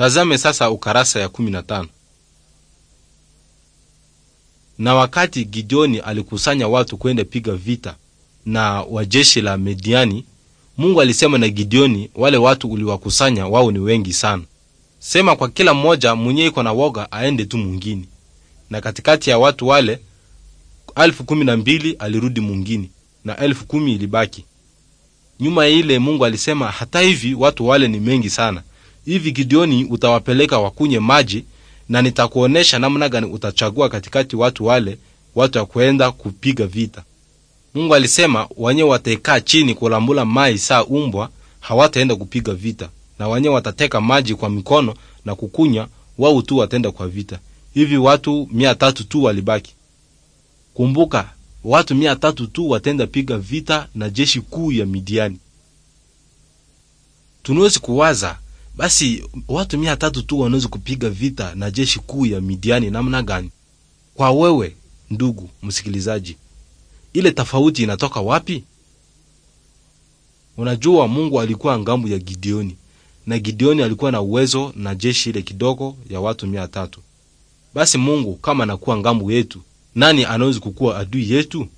Tazame sasa ukarasa ya 15. Na wakati Gideoni alikusanya watu kwenda piga vita na wajeshi la Midiani, Mungu alisema na Gideoni, wale watu uliwakusanya wao ni wengi sana, sema kwa kila mmoja mwenye iko na woga aende tu mwingine. Na katikati ya watu wale elfu kumi na mbili alirudi mwingine na elfu kumi ilibaki nyuma ya ile. Mungu alisema hata hivi watu wale ni mengi sana, hivi Gideoni utawapeleka wakunye maji, na nitakuonyesha namna gani utachagua katikati watu wale watu wa kwenda kupiga vita. Mungu alisema wanye wataikaa chini kulambula mai saa umbwa hawataenda kupiga vita, na wanye watateka maji kwa mikono na kukunywa, wao tu wataenda kwa vita. Hivi watu mia tatu tu walibaki. Kumbuka, watu mia tatu tu wataenda piga vita na jeshi kuu ya Midiani. Tunawezi kuwaza basi watu mia tatu tu wanaweza kupiga vita na jeshi kuu ya Midiani namna gani? Kwa wewe ndugu msikilizaji, ile tofauti inatoka wapi? Unajua, Mungu alikuwa ngambu ya Gideoni na Gideoni alikuwa na uwezo na jeshi ile kidogo ya watu mia tatu. Basi Mungu kama anakuwa ngambu yetu, nani anaweza kukuwa adui yetu?